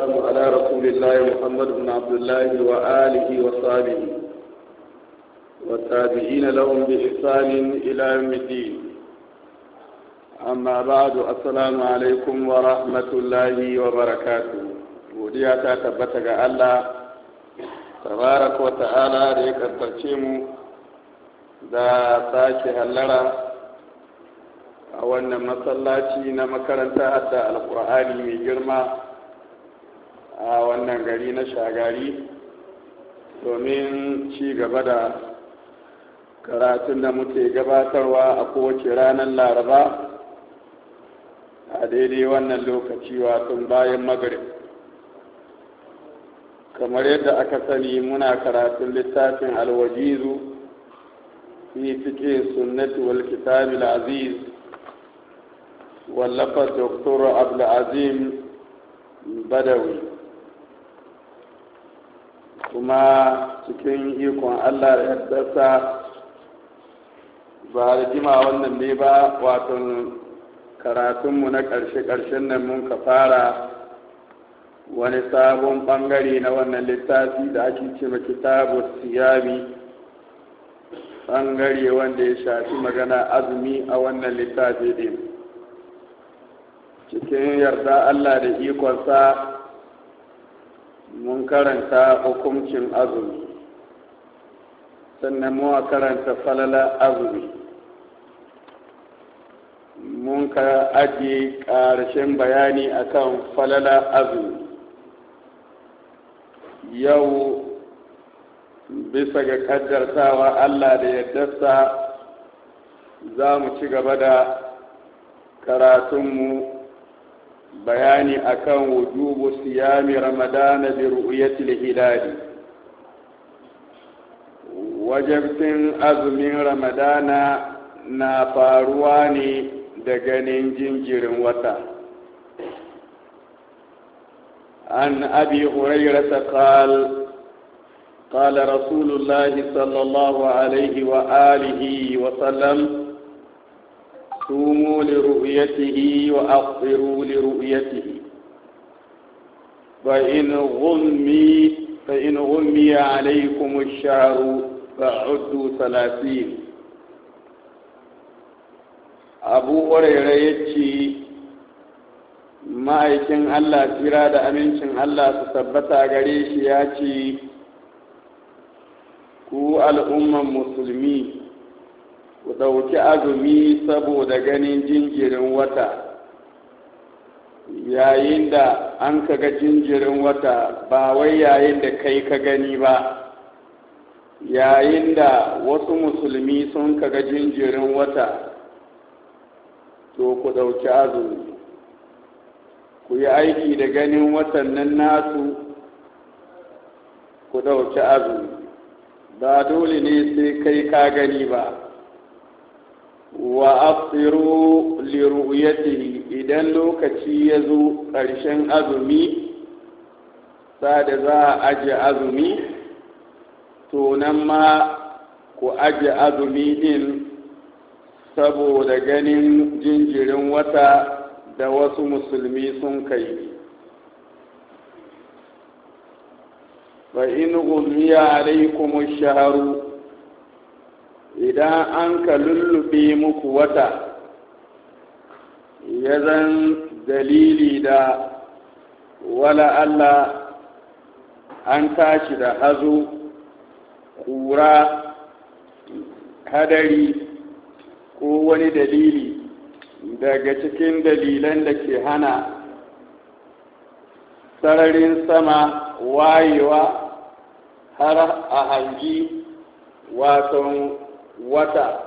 والسلام على رسول الله محمد بن عبد الله amma ba'du assalamu alaikum wa rahmatullahi wa barakatu godiya ta tabbata ga Allah tabaraka wa ta'ala da ya karfarce mu da sake hallara a wannan masallaci na makaranta hadda alkur'ani mai girma a wannan gari na shagari domin ci gaba da karatun da muke gabatarwa a kowace ranar laraba a daidai wannan lokaci wasu bayan magrib kamar yadda aka sani muna karatun littafin alwajizu fi fiƙe sunnati wal kitabil aziz wallafa doktor abdulazim badawi kuma cikin ikon allah da yardarsa ba da jima wannan ne ba waton karatunmu na ƙarshe-ƙarshen nan mun ka fara wani sabon ɓangare na wannan littafi da ake ce ma kitabu siyami ɓangare wanda ya shafi magana azumi a wannan littafi ɗin cikin yarda allah da ikonsa mun karanta hukuncin azumi sannan muwa karanta falala azumi mun ka ajiye ƙarshen bayani akan falala azumi yau bisa ga kaddartawa allah da yaddarsa za mu ci gaba da karatunmu bayani akan wujubu siyami ramadana bi ru'yatil hilali wajabtin azumin ramadana na faruwa ne da ganin jinjirin wata an abi hurairata qal قال رسول الله صلى الله عليه wa sallam. صوموا لرؤيته وأفطروا لرؤيته فإن غمي فإن غمي عليكم الشهر فعدوا ثلاثين abu huraira ya ce ma'aikin allah tsira da amincin allah su tabbata gare shi ya ce ku al'umman musulmi ku ɗauki azumi saboda ganin jinjirin wata yayin da an ka ga jinjirin wata ba wai yayin da kai ka gani ba yayin da wasu musulmi sun ka ga jinjirin wata to ku ɗauki azumi ku yi aiki da ganin watan nan nasu ku ɗauki azumi ba dole ne sai kai ka gani ba wa asiru li ru'yatihi idan lokaci ya zo ƙarshen azumi sada za a aje azumi to nan ma ku aje azumi din saboda ganin jinjirin wata da wasu musulmi sun kai fa in gummiya alaikum shaharu idan an ka lullube muku wata ya zan dalili da wala Allah an tashi da hazo kura, hadari ko wani dalili daga cikin dalilan da ke hana sararin sama wayewa har a hangi wasan wata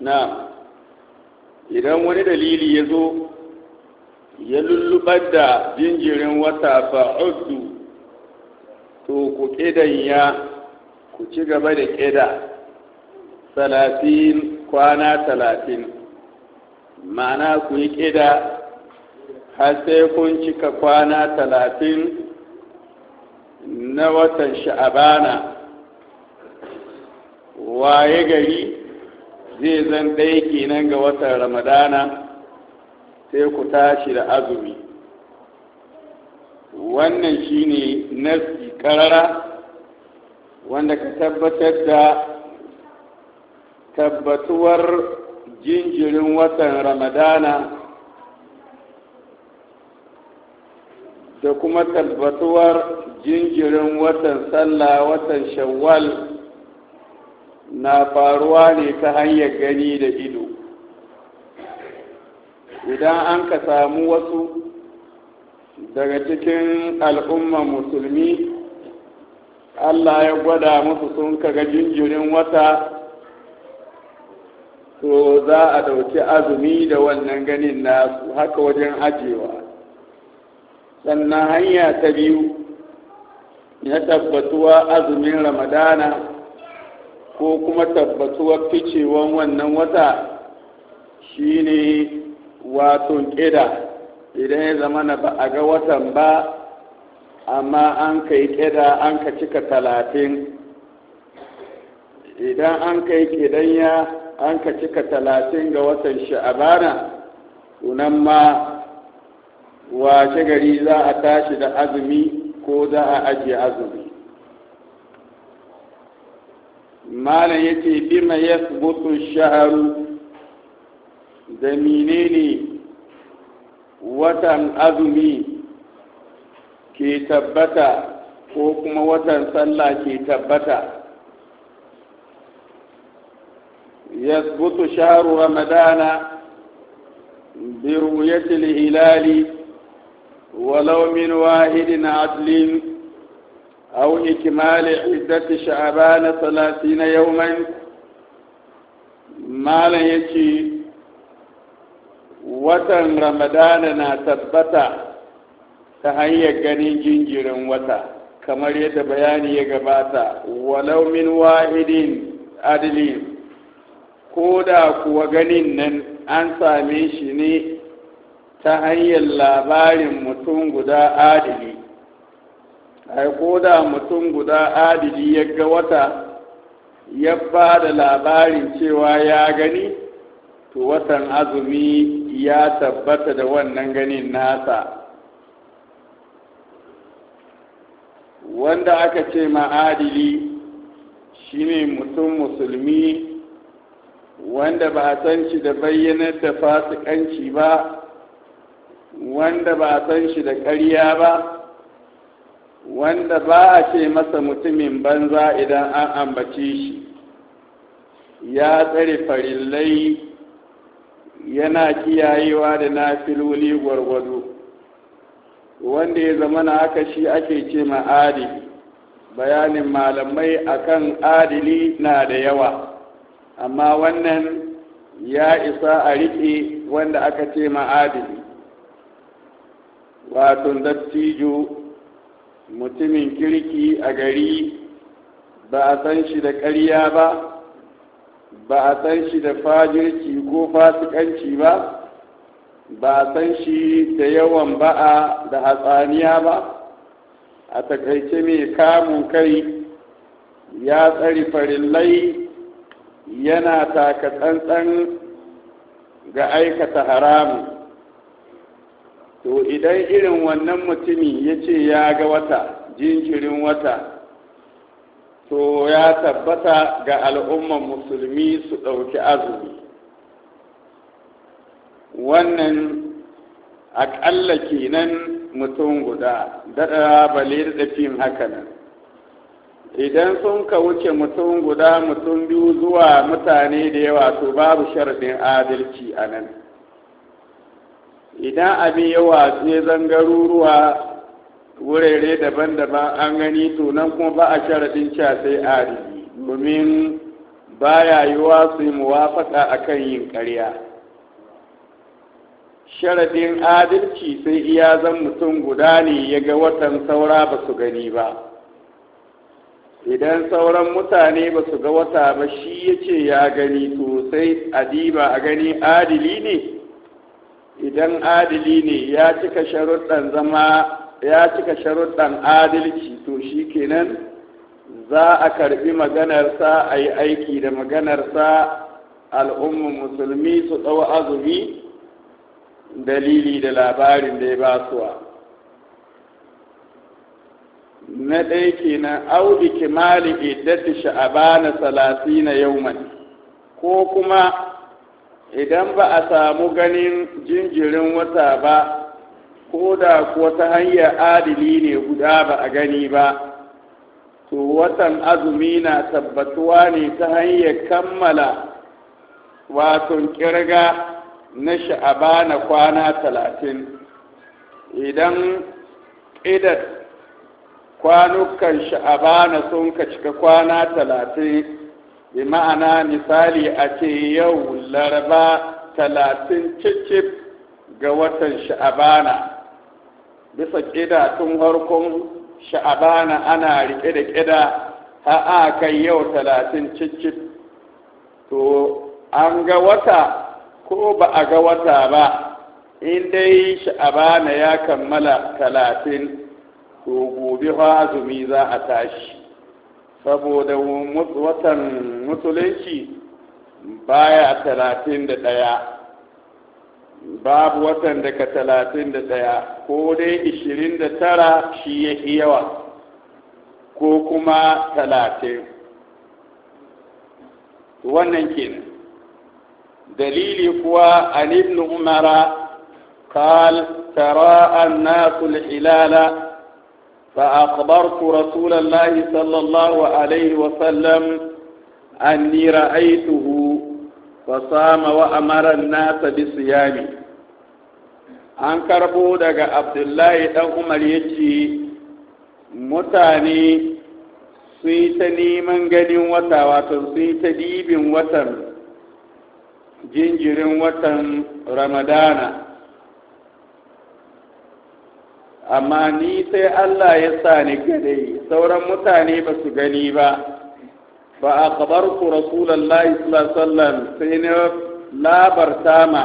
na idan wani dalili ya zo ya lullubar da jinjirin wata fa'uddu to ku ya ku ci gaba da ƙida talatin kwana talatin ma'ana ku yi ƙida har sai kun cika kwana talatin na watan sha'abana waye gari zai zan ɗaya kenan ga watan ramadana sai ku tashi da azumi wannan shine nasi ƙarara wanda ka tabbatar da tabbatuwar jinjirin watan ramadana da kuma tabbatuwar jinjirin watan sallah watan shawwal na faruwa ne ta hanyar gani da ido idan an ka samu wasu daga cikin al'umman musulmi allah ya gwada musu sun kaga jinjirin wata so za a ɗauki azumi da wannan ganin nasu haka wajen ajewa sannan hanya ta biyu na tabbatuwa azumin ramadana ko kuma tabbatuwa ficewan wannan wata shine wato ƙida idan ya zama na ba a ga watan ba amma an kai ƙida an ka cika talatin idan an kai ƙidanya an ka cika talatin ga watan sha'abana sunan ma wace gari za a tashi da azumi ko za a ajiye azumi malam ya ce bima ya mutu sha'aru da menene watan azumi ke tabbata ko kuma watan sallah ke tabbata يثبت شهر رمضان برؤية الهلال ولو من واحد عدل أو إكمال عدة شعبان ثلاثين يوما ما يجي watan ramadana na tabbata ta hanyar ganin jinjirin wata kamar yadda bayani ya gabata walau min wahidin adilin ko da kuwa ganin nan an same shi ne ta hanyar labarin mutum guda adili ai ko da mutum guda adili ya ga wata ya ba da labarin cewa ya gani to watan azumi ya tabbata da wannan ganin nasa wanda aka ce ma'adili shine mutum musulmi wanda ba a san shi da bayyanar da fasikanci ba wanda ba a san shi da ƙarya ba wanda ba a ce masa mutumin banza idan an ambace shi ya tsare farillai yana kiyayewa da nafiloli gwargwado wanda ya zama na haka shi ake ce ma adili bayanin malamai akan adili na da yawa amma wannan ya isa a riƙe wanda aka ce ma'adili wato dattijo mutumin kirki a gari ba a san shi da ƙarya ba ba a san shi da fajirci ko fasikanci ba ba a san shi da yawan ba'a da hatsaniya ba a takaice mai kamun kai ya tsari farillai yana taka tsantsan ga aikata haramu, to idan irin wannan mutumi ya ce ya ga wata jinjirin wata to ya tabbata ga al'umman musulmi su ɗauki azumi wannan aƙalla kenan mutum guda daɗa balir da ɗafin hakanan idan sun ka wuce mutum guda mutum biyu zuwa mutane da yawa to babu sharaɗin adalci a nan idan abin yawa sai zangaruruwa wurare daban-daban an gani to nan kuma ba a sharaɗin cewa sai adalci domin ba baya yiwuwa su yi muwafaka a kan yin karya. sharaɗin adalci sai iya zan mutum guda ne ya ga watan saura ba su gani ba idan sauran mutane ba su ga wata ba shi ya ce ya gani to sai adiba a gani adili ne idan adili ne ya cika sharuɗan adalci to shi kenan za a karbi maganarsa a yi aiki da maganarsa al'ummar musulmi su ɗau azumi dalili da labarin da ya suwa na ɗaya kenan au ikimali iddati sha'abana salasina yauman ko kuma idan ba a samu ganin jinjirin wata ba ko da kuwa ta hanyar adili ne guda ba a gani ba to watan azumi na tabbatuwa ne ta hanyar kammala wato kirga na sha'abana kwana talatin idan ƙidar kwanukan sha'abana sun ka cika kwana talatin bi ma'ana misali a ce yau laraba talatin cikin ga watan sha'abana bisa ƙida tun harkon sha'abana ana riƙe da ƙida har kai yau talatin cikin to an ga wata ko ba a ga wata ba in dai sha'abana ya kammala talatin to gobe fa azumi za a tashi saboda watan musulunci baya talatin da ɗaya babu watan daga talatin da ɗaya ko dai ishirin da tara shi ya yawa ko kuma talatin wannan kenan dalili kuwa an ibn umara قال تراءى الناس الحلال فأخبرت رسول الله صلى الله عليه وسلم أني رأيته فصام وأمر الناس بصيامه an karbo daga abdullahi ɗan umar ya ce mutane sun yi ta neman ganin wata watan sun yi ta dibin watan jinjirin watan ramadana amma ni sai Allah ya sa ni gane sauran mutane ba su gani ba Ba a kabar ku rasulallah islasallan sai na labarta ma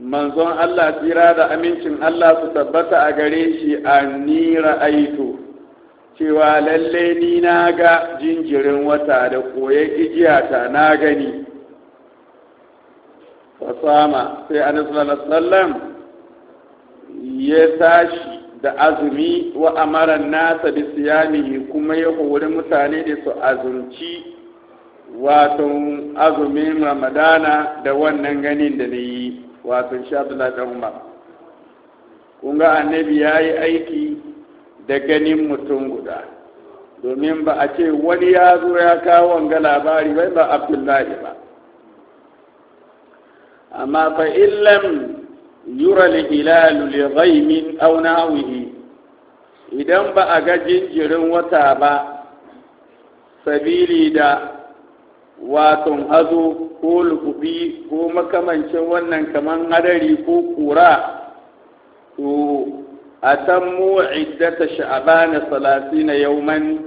manzon Allah tsira da amincin Allah su tabbata a gare shi a nira ra'aitu cewa lalle ni na ga jinjirin wata da koyan igiyata na gani fasama sai annabi sallallahu ya tashi da azumi wa amaran nasa da siyamihi kuma ya hori mutane da su azumci wato azumin ramadana da wannan ganin da na yi wato sha da umar kun annabi ya yi aiki da ganin mutum guda domin ba a ce wani ya zo ya kawo wanga labari bai ba abdullahi ba amma fa illam yura lihilalu li aw nawihi idan ba a ga jinjirin wata ba sabili da waton hazo ko lukubi ko makamancin wannan kaman hadari ko kura to a tammu iddata sha'abana salasina yauman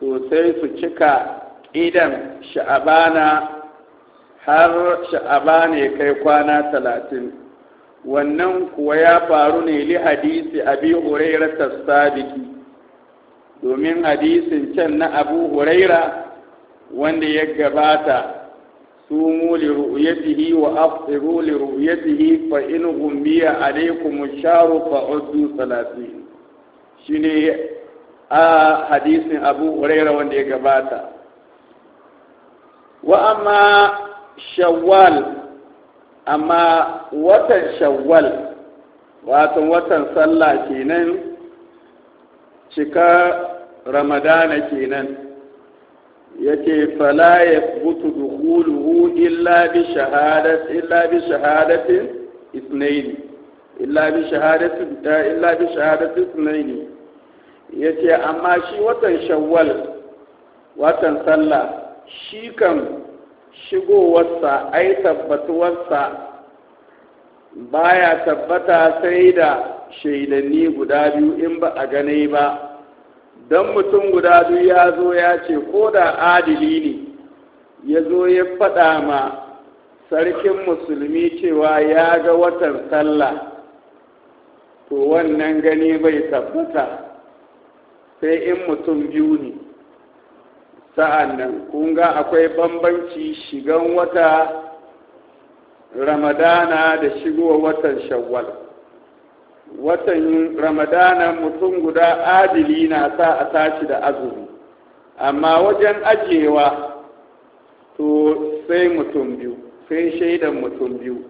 to sai su cika idan sha'abana har sha'abana ya kai kwana talatin wannan kuwa ya faru ne li hadisi abi huraira tasabiki domin hadisin can na abu huraira wanda ya gabata Su li ru'yatihi wa afsiru li ru'yatihi fa in alaykum sharu fa uddu shine a hadisin abu huraira wanda ya gabata wa amma shawwal amma watan shawwal watan watan sallah kenan cika ramadana kenan yake fala ya butu dukuluhu illa bi shahadat illa bi shahadatin isnaini illa bi shahadatin illa bi shahadatin isnaini yace amma shi watan shawwal watan sallah shi kan shigowarsa ai tabbatuwarsa ba ya tabbata sai da shaidanni guda biyu in ba a gane ba don mutum guda biyu ya zo ya ce ko da adili ne ya zo ya faɗa ma sarkin musulmi cewa ya ga watan sallah to wannan gani bai tabbata sai in mutum biyu ne sa'an nan kun ga akwai bambanci shigan wata ramadana da shigowa watan shawwal watan ramadana mutum guda adili na sa a tashi da azumi amma wajen ajiyewa to sai mutum biyu sai shaidan mutum biyu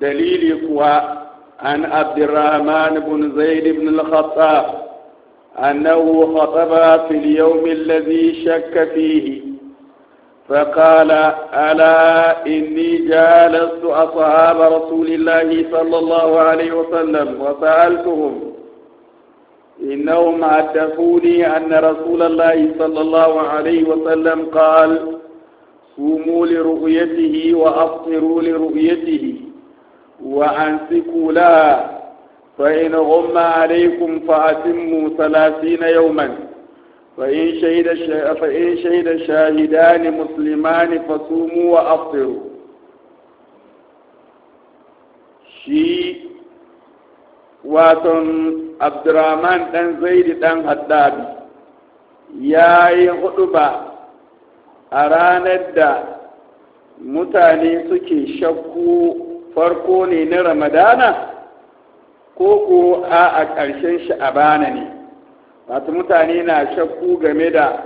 dalili kuwa an abdurrahman bin zaid ibn al-khattab أنه خطبها في اليوم الذي شك فيه فقال ألا إني جالست أصحاب رسول الله صلى الله عليه وسلم وسألتهم إنهم عدفوني أن رسول الله صلى الله عليه وسلم قال صوموا لرؤيته وأفطروا لرؤيته وأنسكوا لها فإن غم عليكم فأتموا ثلاثين يوما فإن شهد شا... فإن شهد شاهدان مسلمان فصوموا وأفطروا shi waton abdurrahman dan zaidi dan haddabi ya yi ba. a ranar da mutane suke shakku farko ne na ramadana ko ko a a ƙarshen bana ne wato mutane na shakku game da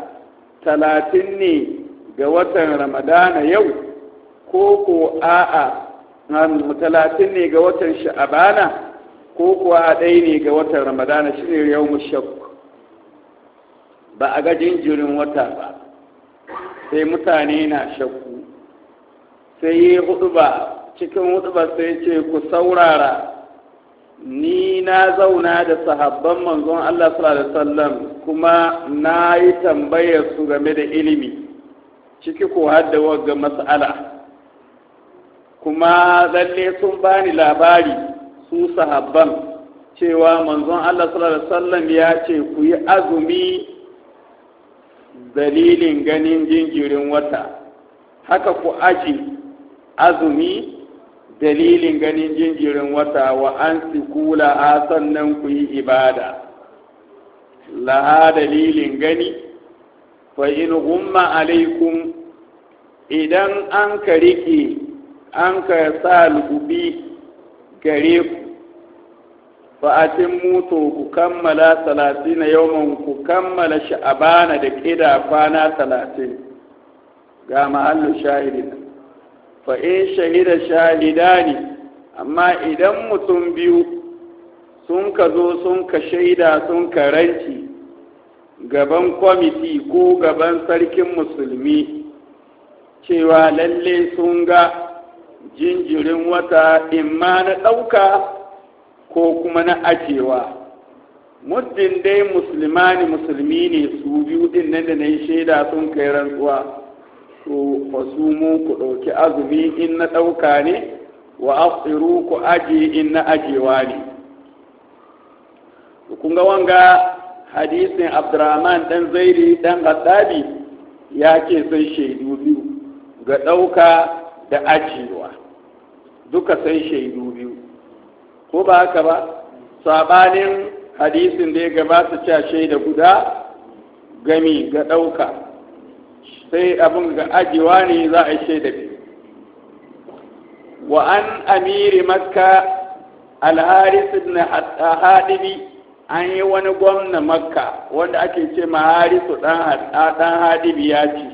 talatin ne ga watan ramadana yau ko ko a a talatin ne ga watan bana ko ko a ɗaya ne ga watan ramadana shine yau mu shakku ba a ga jinjirin wata ba sai mutane na shakku sai yi hudu ba cikin hudu ba sai ce ku saurara ni na zauna da sahabban manzon Allah sallallahu alaihi wasallam kuma na yi tambayar su game da ilimi ciki ko har da wagga mas'ala kuma lalle sun bani labari su sahabban cewa manzon Allah sallallahu alaihi wasallam ya ce ku yi azumi dalilin ganin jinjirin wata haka ku aji azumi dalilin ganin jinjirin wata wa an sikula a sannan ku yi ibada laha dalilin gani fa gumma alaikum idan an ka rike an ka sa lugubi gare ku a cin mutu ku kammala talatin na yawon ku kammala sha'abana da ƙida kwana talatin ga ma'allu shahidin fa in shahida shahidani amma idan mutum biyu sun ka zo sun ka shaida sun ka ranci gaban kwamiti ko gaban sarkin musulmi cewa lalle sun ga jinjirin wata imma na ɗauka ko kuma na ajewa muddin dai musulmani musulmi ne su biyu din nan da na yi shaida sun kai rantsuwa to fasumu ku ɗauki azumi in na ɗauka ne wa asiru ku aje in na ajewa ne kun ga wanga hadisin abdurrahman dan zairi dan gaddabi ya ce sai shaidu biyu ga ɗauka da ajewa duka sai shaidu biyu ko ba haka ba sabanin hadisin da ya gabata cewa shaida guda gami ga ɗauka sai abin ga ajiwa ne za a yi shaida biyu wa an amiri makka alharis ibn hadibi an yi wani gwamna makka wanda ake ce ma harisu dan hadibi ya ce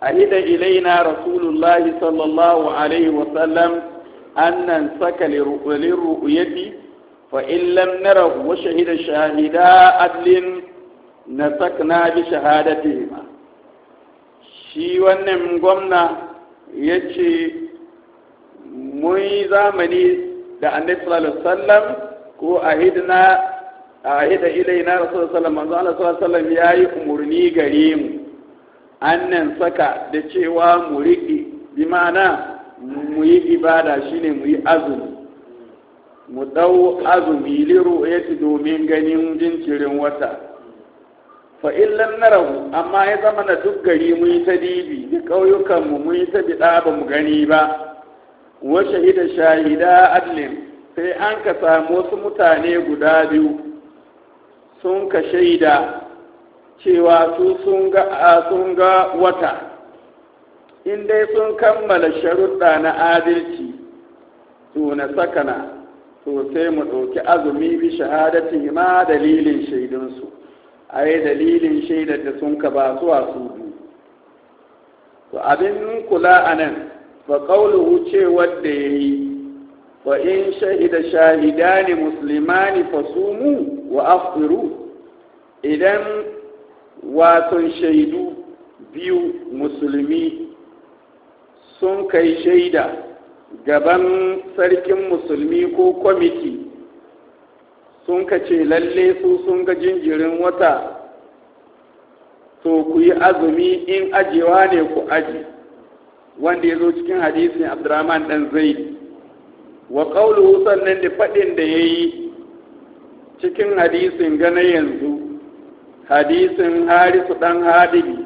ahida ilaina rasulullahi sallallahu alaihi wasallam annan saka lirru'yati fa in lam wa shahida shahida adlin nasakna bi shahadatihima shi wannan gwamna ya ce mun yi zamani da annabi sallallahu alaihi wasallam ko a hidna a hida ilaina rasul sallallahu alaihi wasallam manzo sallallahu yayi umurni gare mu annan saka da cewa mu riƙi bi ma'ana mu yi ibada shine mu yi azumi mu dau azumi liru yati domin ganin jinkirin wata fa illan narahu amma ya zama na duk gari mun yi ta dibi da ƙauyukanmu mu mun yi ta biɗa ba mu gani ba wa shahida shahida adlin sai an ka samu wasu mutane guda biyu sun ka shaida cewa su sun ga sun ga wata in dai sun kammala sharuɗa na adalci to na sakana to sai mu ɗauki azumi bi shahadatihima ma dalilin shaidunsu a dalilin shaidar da sun ka ba zuwa su to abin kula a nan ba ƙauluhu ce wadda ya yi wa in shahida shahidani musulmani mu wa afiru idan wasan shaidu biyu musulmi sun kai shaida gaban sarkin musulmi ko kwamiti sun ka ce lalle su sun ga jinjirin wata to ku yi azumi in ajiyewa ne ku aji wanda ya zo cikin hadisin abdurrahman dan zai. wa qawluhu sannan da faɗin da ya yi. cikin hadisin gana yanzu hadisin harisu ɗan hadibi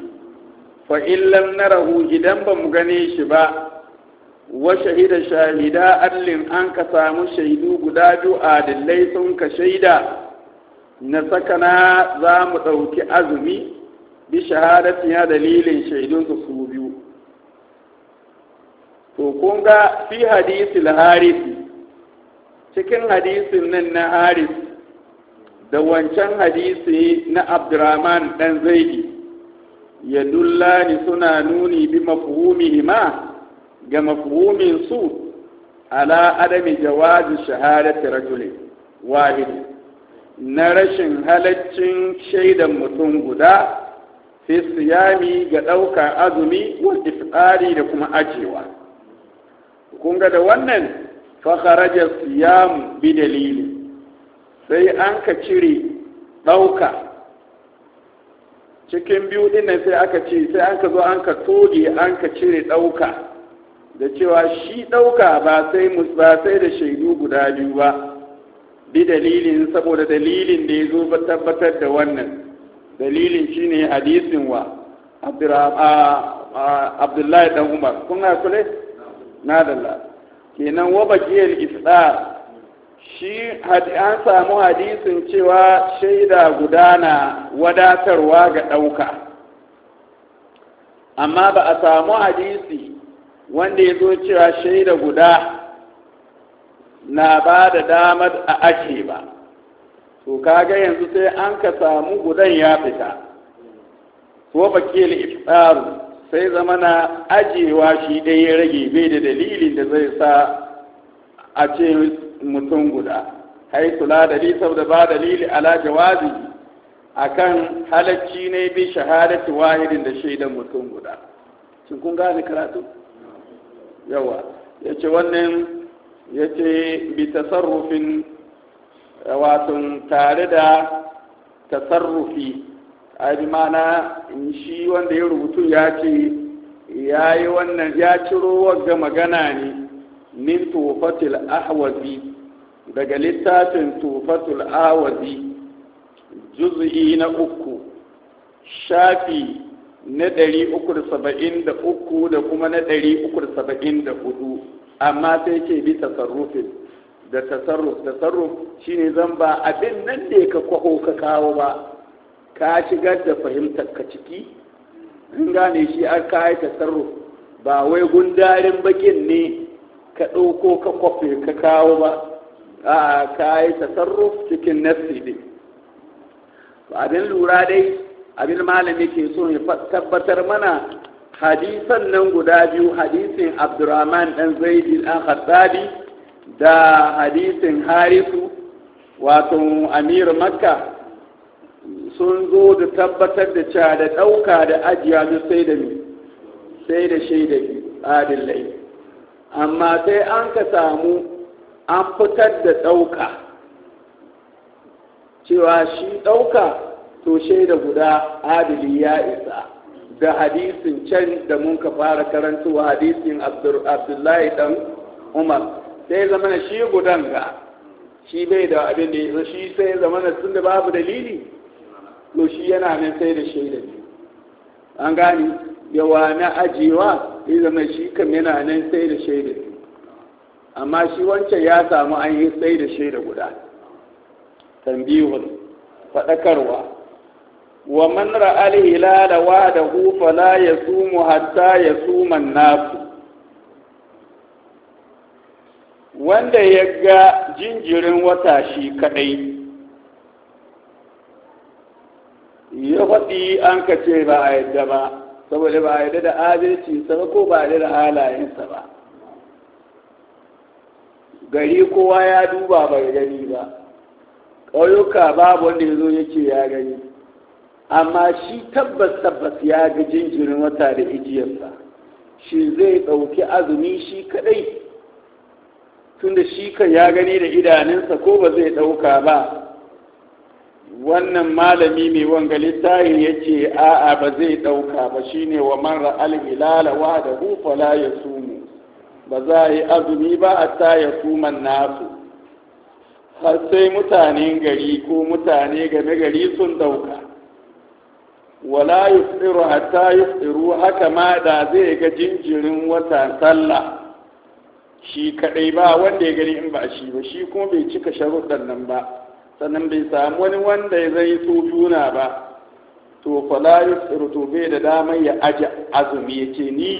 fa in lam narahu idan ba mu gane shi ba wa shahida shahida allin an ka samu shaidu guda biyu adillai sun ka shaida na sakana za mu ɗauki azumi bi shahadati ya dalilin shaidunsu su biyu to kun ga fi hadisil harisi cikin hadisin nan na haris da wancan hadisi na abdurrahman dan zaidi ya dullani suna nuni bi ma ga mafhumin su ala adami jawazi shahadati rajuli wahidi na rashin halaccin shaidan mutum guda fi siyami ga ɗaukar azumi wa ifari da kuma ajewa kun ga da wannan fakharaja siyam bi dalili sai an ka cire ɗauka cikin biyu ɗin sai aka ce sai an ka zo an ka toge an ka cire ɗauka da cewa shi ɗauka ba sai ba sai da shaidu guda biyu ba bi dalilin saboda dalilin da ya zo tabbatar da wannan dalilin shi ne hadisin wa abdullahi dan umar kun na kule na dalla kenan wa bakiyar isdar shi an samu hadisin cewa shaida guda na wadatarwa ga ɗauka amma ba a samu hadisi wanda ya zo cewa shaida guda na ba da damar a ake ba to kaga yanzu sai an ka samu gudan ya fita ko bakil iftaru sai zama na ajewa shi dai ya rage bai da dalilin da zai sa a ce mutum guda haitu da dalil saboda ba dalili ala jawazi kan halacci ne bi shahadati wahidin da shaidan mutum guda shin kun gane karatu yawa ya ce wannan ya ce bi tasarrufin eh, watan tare da tasarrufi a yi mana shi wanda ya rubutu ya ce ya yi wannan ya ciro wagga magana ne min tufatul ahwazi daga littafin tufatul ahwazi juz'i na uku shafi na ɗari uku da saba'in da uku da kuma na ɗari uku da saba'in da hudu amma sai ce bi tasarrufin da tasarruf tasarruf ne zan ba abin nan da ka kwaho ka kawo ba ka shigar da fahimtar ka ciki in gane shi an kayi tasarruf ba wai gundarin bakin ne ka ɗauko ka kwafe ka kawo ba a kayi tasarruf cikin nafsi ne abin lura dai abin malami ke so ya tabbatar mana hadisan nan guda biyu hadisin abdurrahman dan zaidi dan khattabi da hadisin harisu wato amir makka sun zo da tabbatar da cewa da ɗauka da ajiya su sai da sai da shaida lai amma sai an ka samu an fitar da ɗauka cewa shi ɗauka to shaida guda adili ya isa da hadisin can da mun ka fara karantuwa hadisin abdullahi dan umar sai na shi gudan ga shi bai da abin da ya shi sai na tun da babu dalili to shi yana nan sai da shaida ne an gani yawa na ajiyewa sai zama shi kam yana nan sai da shaida ne amma shi wancan ya samu an yi sai da shaida guda tambihun faɗakarwa wa man ra'a al-hilala wahdahu fala yasumu hatta yasuma an-nas wanda ya ga jinjirin wata shi kadai ya faɗi an ka ce ba a yadda ba saboda ba a yadda da adalci ko ba a da halayensa ba gari kowa ya duba bai gani ba ƙauyuka babu wanda ya zo yake ya gani amma shi tabbas tabbas ya ga jinjirin wata da ijiyarsa shi zai ɗauki azumi shi kaɗai tunda shi kan ya gani da idanunsa ko ba zai ɗauka ba wannan malami mai wanga littahi ya ce a'a ba zai ɗauka ba shine wa mara alhilala wa da hufala ya sumu ba za a yi azumi ba a ta ya suman nasu har sai mutanen gari ko mutane game gari sun ɗauka wala yusiru hatta yusiru haka ma da zai ga jinjirin wata sallah shi kadai ba wanda ya gani in ba shi ba shi kuma bai cika sharuɗan nan ba sannan bai samu wani wanda ya zai so juna ba to fala yusiru to bai da dama ya aje azumi ya ce ni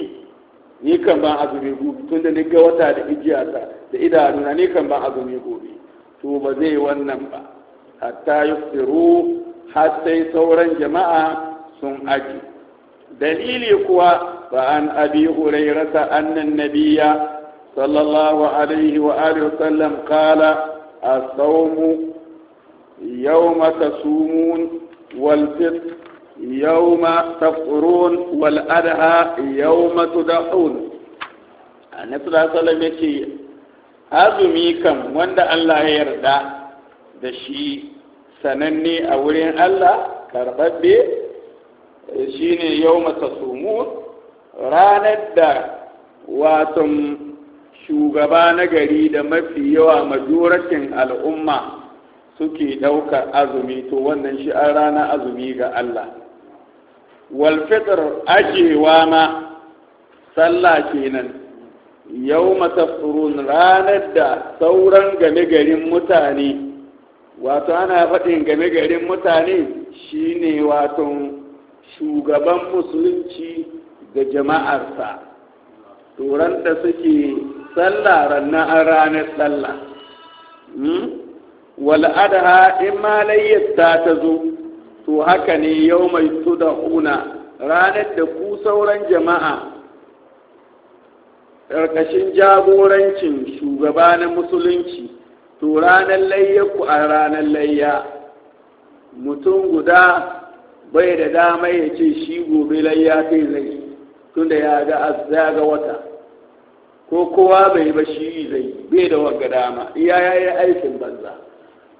ni kan ban azumi gobe tunda ni ga wata da ijiyata da idanuna ni kan ban azumi gobe to ba zai wannan ba hatta yusiru har sai sauran jama'a sun aji dalili kuwa ba an abi hurairata annan nabiya sallallahu alaihi wa alihi wasallam qala as-sawmu yawma tasumun wal fitr yawma tafurun wal adha yawma tudahun annabi Sallam ya ce azumi kan wanda Allah ya yarda da shi sananne a wurin Allah karɓaɓɓe shi ne yau matasumun ranar da watan shugaba na gari da mafi yawa majorakin al'umma suke ɗaukar azumi to wannan shi an rana azumi ga Allah walfitar ajewa ma sallah kenan yau matafurun ranar da sauran game garin mutane wato ana faɗin game garin mutane shi ne wato shugaban musulunci ga jama'arsa turan da suke sallah na ranar sallah hmm? wal'adha in ma layyata ta zo to haka ne yau mai da una ranar da ku sauran jama'a ƙarƙashin jagorancin shugaba na musulunci to ranar layyaku a ranar layya mutum guda bai da dama ya ce shi gobe layya kai zai tunda ya ga azzaga wata ko kowa bai ba shi zai bai da wanga dama iya ya yi aikin banza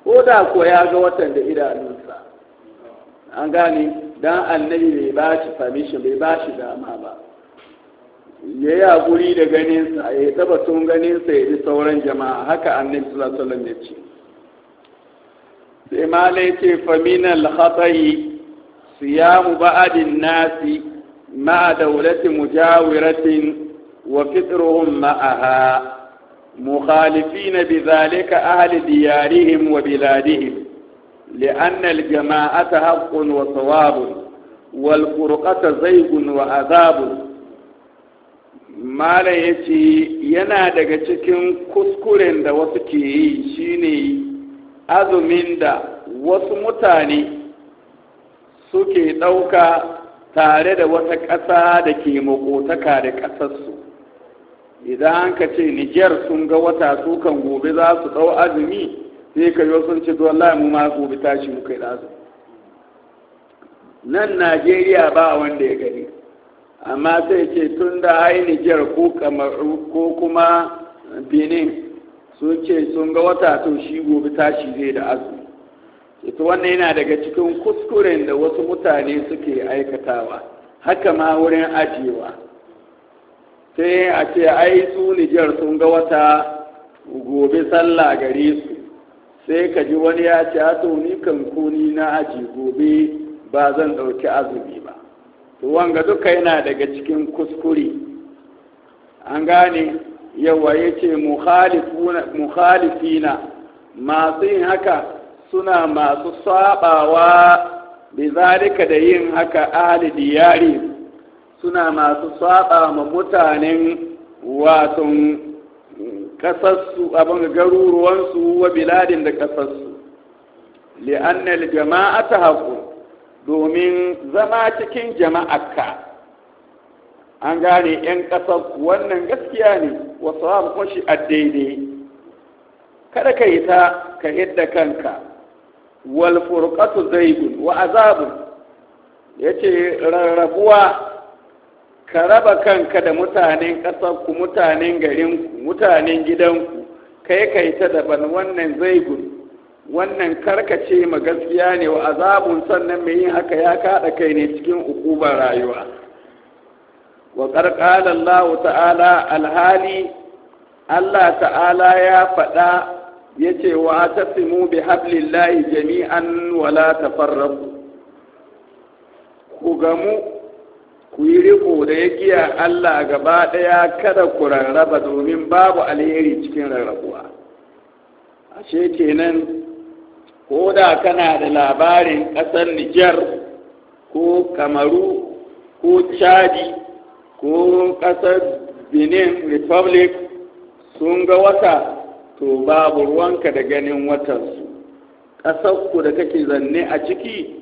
ko da ko ya ga watan da idanunsa an gane dan annabi bai ba shi permission bai ba shi dama ba ya yi haƙuri da ganinsa ya taba sun ganinsa ya ji sauran jama'a haka annabi sallallahu alaihi wasallam ya ce sai ma ce faminal khatayi صيام بعض الناس مع دولة مجاورة وفطرهم معها مخالفين بذلك أهل ديارهم وبلادهم لأن الجماعة حق وصواب والفرقة زيغ وعذاب mala ya ce yana daga cikin kuskuren da wasu ke yi shine azumin da wasu mutane suke ɗauka tare da wata ƙasa da ke makotaka da ƙasarsu idan an ka ce nijar sun ga wata su gobe za su ɗau azumi sai ka yi sun ce zuwa mu ma gobe tashi mu kai azumi nan najeriya ba wanda ya gani amma sai ce tun da ai nijar ko kamaru ko kuma benin sun ce sun ga wata to shi gobe tashi zai da azumi ita wannan yana daga cikin kuskuren da wasu mutane suke aikatawa haka ma wurin ajiyewa sai a ce ai su nijar sun ga wata gobe sallah gare su sai ka ji wani ya ce a ni kan kuni na aji gobe ba zan ɗauki azumi ba to wanga duka yana daga cikin kuskure an gane yawa ya ce mukhalifina masu yin haka suna masu saɓawa bi zalika da yin haka ahli diyari suna masu saba ma mutanen waton kasassu abin garuruwansu wa biladin da kasassu li'annal jama'ata haku domin zama cikin jama'a. an gane 'yan ƙasar wannan gaskiya ne wasu kun shi a daidai kada ka yi ta ka hidda kanka wal zaibun wa azabun yace rarrabuwa ka raba kanka da mutanen ƙasarku mutanen garinku mutanen gidanku kai kai ta daban wannan zaibun wannan karkace ma gaskiya ne wa azabun sannan mai yin haka ya kaɗa kai ne cikin ukubar rayuwa wa ƙarƙalar Allah ta'ala alhali Allah ta'ala ya faɗa yace wa tasimu bi hablillahi jami'an wala farrafu. ku gamu ku yi riko da ya giya Allah gaba ɗaya kada ku rarraba domin babu alheri cikin rarrabuwa ashe kenan ko da kana da labarin ƙasar Nijar ko Kamaru ko Chadi ko ƙasar Benin Republic sun ga wata to babu ruwanka da ganin watansu ƙasarku da kake zanne a ciki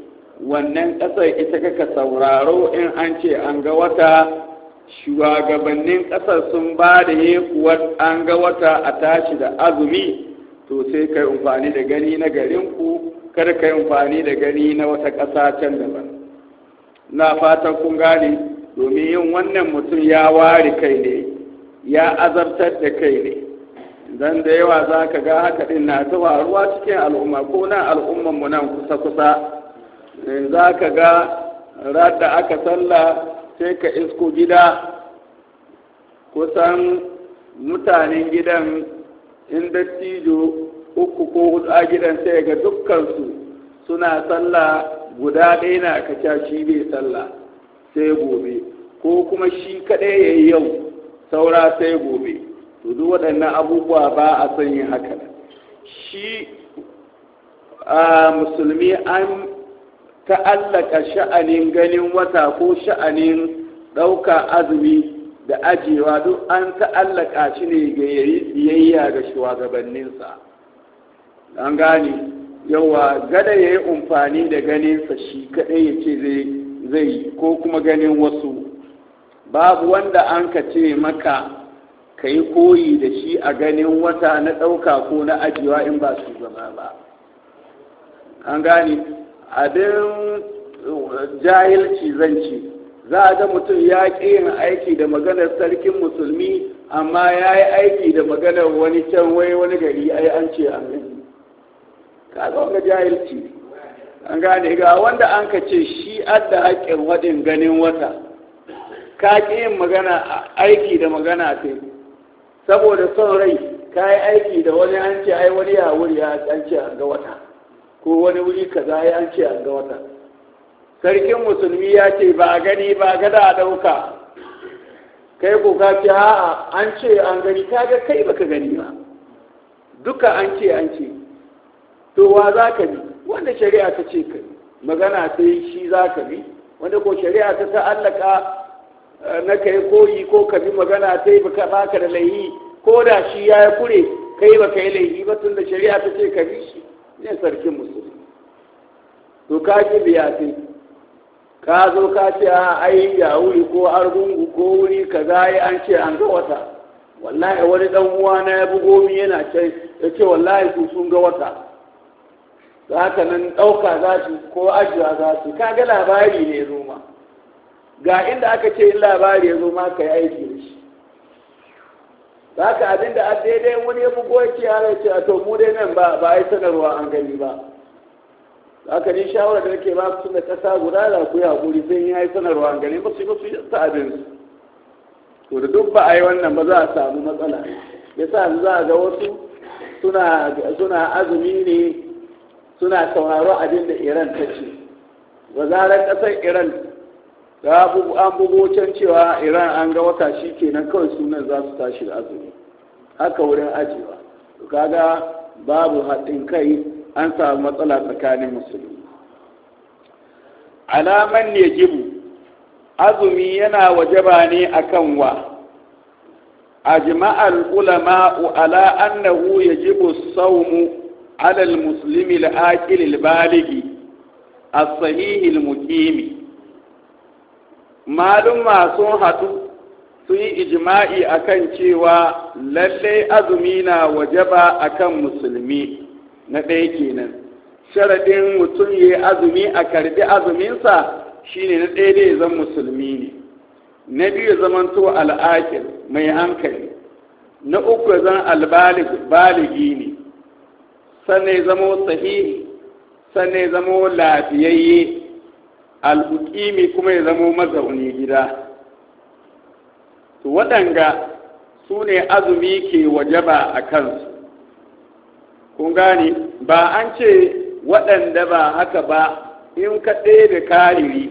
wannan ƙasar ita kaka sauraro in an ce an ga wata shugabannin ƙasar sun ba da kuwa an ga wata a tashi da azumi to sai kai amfani da gani na garinku kada kai amfani da gani na wata ƙasa can daban na fatan kun gane domin yin wannan mutum ya ware kai ne ya azartar da kai ne dan da yawa za ka ga haka din na ta ruwa cikin al'umma ko na al'umman mu nan kusa kusa eh, za ka ga rada aka salla sai ka isko gida kusan mutanen gidan in dattijo uku ko hudu a gidan sai ga dukkansu suna sallah guda ɗaya na ka kaca shi bai sallah sai gobe ko kuma shi kaɗai ya yi yau saura sai gobe to duk waɗannan abubuwa ba a son yin haka shi a musulmi an ta'allaka sha'anin ganin wata ko sha'anin ɗauka azumi da ajiyewa duk an ta'allaka shi ne ga biyayya ga shugabanninsa an gane yawa gada ya yi amfani da ganinsa shi kaɗai ya ce zai ko kuma ganin wasu babu wanda an ka ce maka ka yi koyi da shi a ganin wata na ɗauka ko na ajiyewa in ba su zama ba an gane abin eh, jahilci zanci za a ga mutum ya ƙi yin aiki da maganar sarkin musulmi amma ya yi aiki da maganar wani can wai wani gari ai an ce an gani ka zo ga jahilci an gane ga wanda an ka ce shi adda haƙƙin waɗin ganin wata ka ƙi yin magana aiki da magana sai saboda son rai ka yi aiki da wani an ce ai wani ya wuri an ce an ga wata ko wani wuri ka za yi an ce an ga wata sarkin musulmi ya ce ba a gani ba ga da dauka kai ko ka ce a'a an ce an gani ka ga kai baka gani ba duka an ce an ce to wa za ka bi wanda shari'a ta ce ka magana sai shi za ka bi wanda ko shari'a ta ta'allaka na ka yi koyi ko ka bi magana sai baka baka da laihi ko da shi ya yi kure ka kai baka yi laihi ba tun da shari'a ta ce ka bi shi ne sarkin musulmi to ka ki biya sai ka zo ka ce a ai ya wuri ko argungu ko wuri ka za yi an ce an ga wata wallahi wani dan uwa na ya bugo mi yana ce ya ce wallahi su sun ga wata Za ka nan ɗauka za su ko ajiya za su Ka ga labari ne zo ma ga inda aka ce in labari ya zo ma ka yi aiki da shi za ka abin da daidai wani ya bugo yake ya ce a to mu dai nan ba ba yi sanarwa an gani ba za ka ni shawarar da nake ba su da kasa guda da ku yi guri sai ya yi sanarwa an gani ba su ba su ta abin su to da duk ba a yi wannan ba za a samu matsala ya sa za a ga wasu suna azumi ne suna sauraro abin da iran ta ce ba zarar ƙasar iran da an bugo can cewa iran an ga wata shi kenan kawai sunan za su tashi da azumi haka wurin ajiyewa kaga babu haɗin kai an samu matsala tsakanin musulmi alaman ne jibu azumi yana wajaba ne akan wa A أجمع العلماء ya jibu saumu alal musulmi la'akilil baligi a الصحيح mukimi malumma sun haɗu sun yi ijima'i akan cewa lallai azumi na wajaba kan musulmi na ɗaya kenan sharaɗin mutum ya azumi a karbi azuminsa shine na ɗaya da zan musulmi ne na biyu zamanto al'akil mai hankali na uku ya zan albaligi ne sannan ya zamo sahihi sannan ya zamo lafiyayye al'uƙimi kuma ya zama mazauni gida to waɗanga su ne azumi ke wajaba a kansu kun gane ba an ce waɗanda ba haka ba in ka da kariri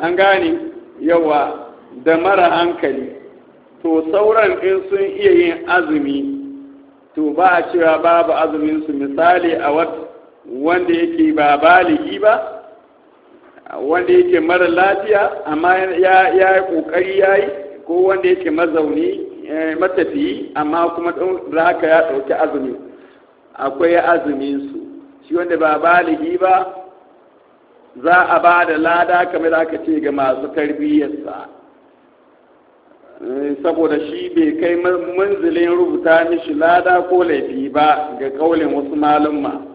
an gane yawa da mara hankali to sauran in sun iya yin azumi to ba a cewa babu azuminsu misali a wanda yake ba baligi ba wanda yake mara lafiya amma ya ya ƙoƙari ya ko wanda yake mazauni eh, matafiyi amma kuma don haka ya ɗauki azumi akwai azumin su shi wanda ba baligi ba za a ba da lada kamar aka ce ga masu tarbiyyarsa eh, saboda shi bai kai manzilin rubuta mishi lada ko laifi ba ga kaulin wasu malumma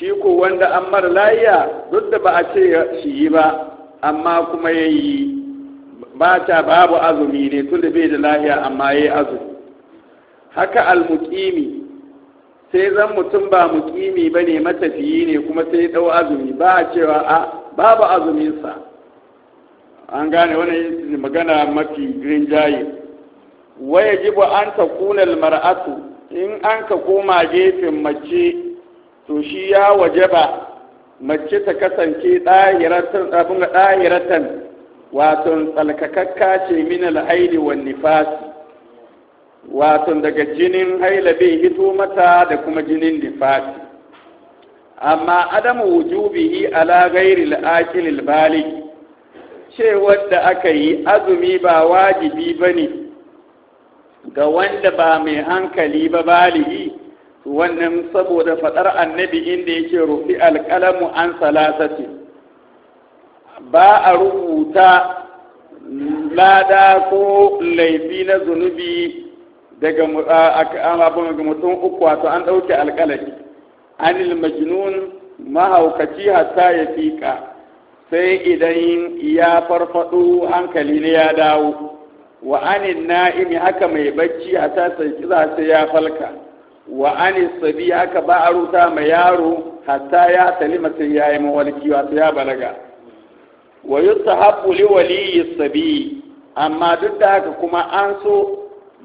shi ko wanda an mara layiya duk da ba a ce shi yi ba amma kuma ya yi ba ta babu azumi ne tun da bai da layiya amma ya yi azumi haka almukimi sai zan mutum ba mukimi ba ne matafiyi ne kuma sai ɗau azumi ba a cewa a babu azuminsa an gane wani magana mafi rinjaye waya jibo an ta kunal mar'atu in an ka koma gefen mace to shi ya waje ba, mace ta kasance ɗahiratan abin wato tsalkakakka ce min al'aili wa nifasi wato daga jinin haila bai hito mata da kuma jinin nifasi amma adamu wujubihi ala ghairi al balig cewar da aka yi azumi ba wajibi bane ga wanda ba mai hankali ba baligi wannan saboda faɗar annabi inda yake rufi alƙalamu an salasati ba a rubuta lada ko laifi na zunubi daga ga mutum uku wato an ɗauke alƙalami anil majnun mahaukaci hatta ya fiƙa sai idan ya farfaɗo hankali ne ya dawo wa anin na'imi haka mai bacci hatta sai kiza sai ya falka wa an sabi aka ba a ma yaro hatta ya salima sai ya yi mawalki ya balaga wa yustahabbu li waliyi sabi amma duk da haka kuma an so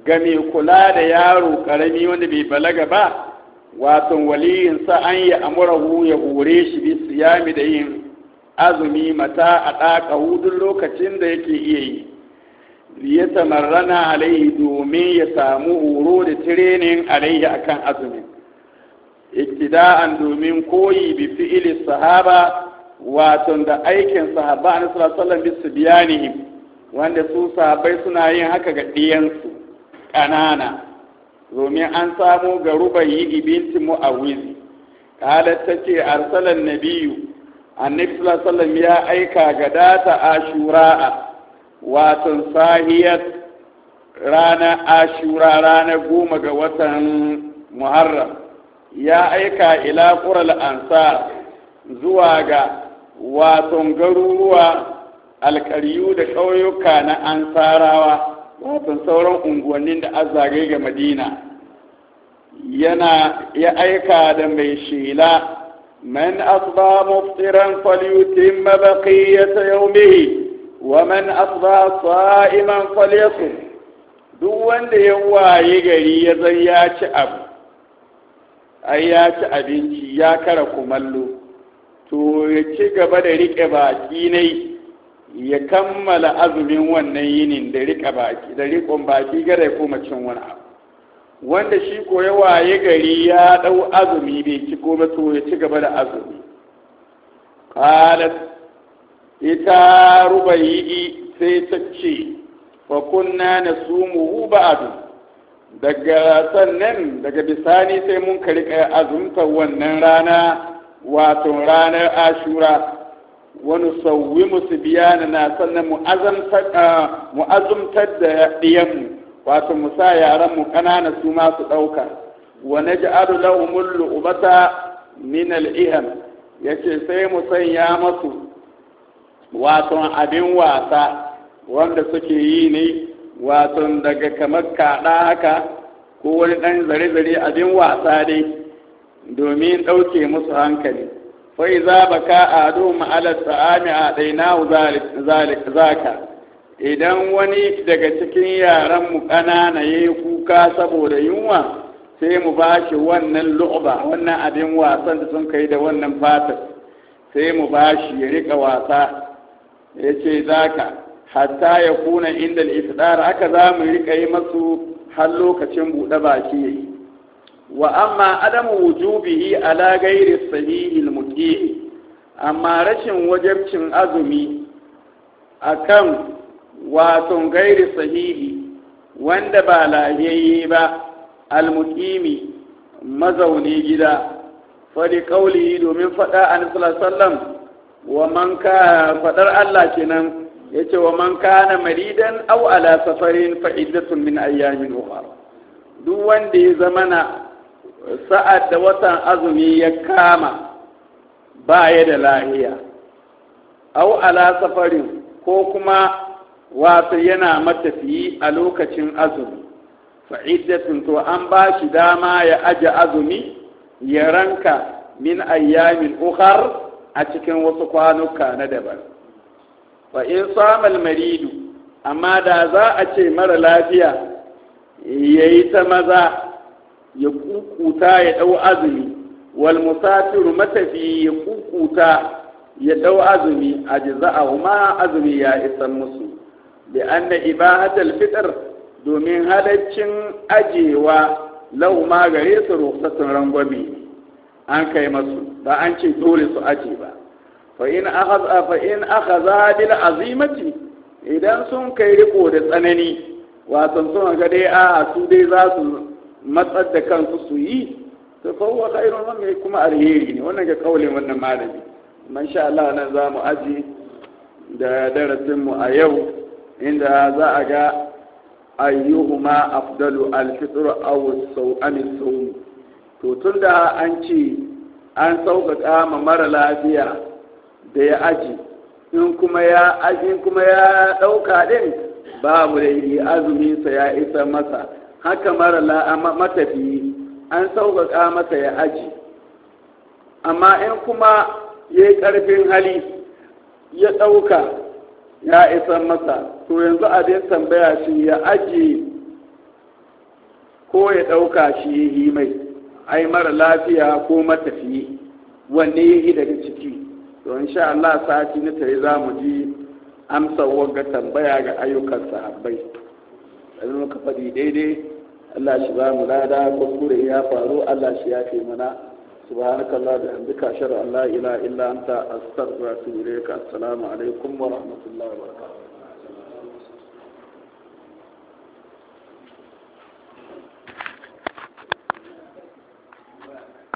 ga mai kula da yaro ƙarami wanda bai balaga ba wato waliyin sa an yi amurahu ya hore shi bi siyami da yin azumi mata a ɗaka hudun lokacin da yake iya yi ya tamarrana alaihi domin ya samu horo da tirenin alaihi kan azumi iktida'an domin koyi bi fi'ili sahaba waton da aikin sahaba a nasarar sallan bisu biyanihim wanda su sahabai suna yin haka ga ɗiyansu ƙanana domin an samu ga rubayi ibinti mu'awizi kalar ta ce arsalan nabiyu annabi sallallahu ya aika ga data ashura'a watan sahiyar rana ashura rana goma ga watan muharram ya aika ila ƙural ansar zuwa ga watan garuruwa alkaryu da ƙauyuka na ansarawa watan sauran unguwannin da an ga madina yana ya aika da mai shela man asba muftiran falyutimma baqiyata yawmihi ومن أصبح صائما فليصم duk wanda ya waye gari ya zan ya ci abu ai ya ci abinci ya kara kumallo to ya ci gaba da riƙe baki ne ya kammala azumin wannan yinin da riƙe baki da riƙon baki gara ya koma cin wani abu wanda shi ko ya waye gari ya ɗau azumi bai ci goma to ya ci gaba da azumi qalat ita rubayi sai ta ce fa kunna nasumuhu ba'du daga sannan daga bisani sai mun karika azumta wannan rana wato ranar ashura wani sauwi musu biyana na sannan mu azumtar da ɗiyanmu wato mu sa yaran mu ƙanana su masu ɗauka wa na ji adu ubata minal min al'iham ya ce sai mu sanya masu wato abin wasa wanda suke yi ne wato daga kamar kaɗa haka ko wani ɗan zare-zare abin wasa ne domin ɗauke musu hankali fai za ba ka ado ma'alar sa'ami a ɗaina zaka idan wani daga cikin yaran mu ƙanana ya yi kuka saboda yunwa sai mu ba shi wannan lu'uba wannan abin wasan da sun kai da wannan fatar sai mu ba shi ya rika wasa ya ce za ka hatta ya kuna inda ifdar aka za mu riƙa yi masu har lokacin buɗe baki yi wa amma adamu wujubihi ala ghairi sahihil muqim amma rashin wajabcin azumi A kan waton gairi sahihi wanda ba lahiyayye ba almuqimi mazauni gida fadi kauli domin faɗa alaihi wasallam wa man ka fadar Allah kenan yace wa man na maridan aw ala safarin fa iddatun min ayyamin ukhra duk wanda ya zama na sa'ad da watan azumi ya kama ba ya da lahiya aw ala safarin ko kuma wato yana matafiyi a lokacin azumi fa iddatun to an ba shi dama ya aje azumi ya ranka min ayyamin ukhra a cikin wasu kwanuka na daban wa in samal maridu amma da za a ce mara lafiya ya yi ta maza ya kukuta ya ɗau azumi wal musafiru matafi ya kukuta ya ɗau azumi a jiza'ahu ma azumi ya isan musu bi anna ibahatul fitar domin halaccin ajewa lau ma gare su ruksatun rangwame an kai masu ba an ce dole su aje ba fa in akhadha fa in akhadha bil azimati idan sun kai riko da tsanani wato sun ga dai a su dai za su matsar da kansu su yi to fa huwa khairun kuma alheri ne wannan ga kaulin wannan malami man sha Allah nan za mu aji da darasin mu a yau inda za a ga ayyuhuma afdalu al-fitr aw as-sawm to tun da an ce an sauƙaƙa ma mara lafiya da ya aji in kuma ya aji kuma ya ɗauka ɗin babu da yi azuminsa ya isa masa haka mara matafi an sauƙaƙa masa ya aji amma in kuma ya yi ƙarfin hali ya ɗauka ya isa masa to yanzu abin tambaya shi ya aji ko ya ɗauka shi yi mai ai mara lafiya ko matafiyi wanne yake daga ciki to insha Allah sati na tare za mu ji amsa wanga tambaya ga ayyukan sahabbai dan muka faɗi daidai Allah shi ba mu lada kuskure ya faru Allah shi ya fi mana subhanakallah da hamdika shar Allah ila illa anta astaghfiruka assalamu alaikum wa rahmatullahi wa barakatuh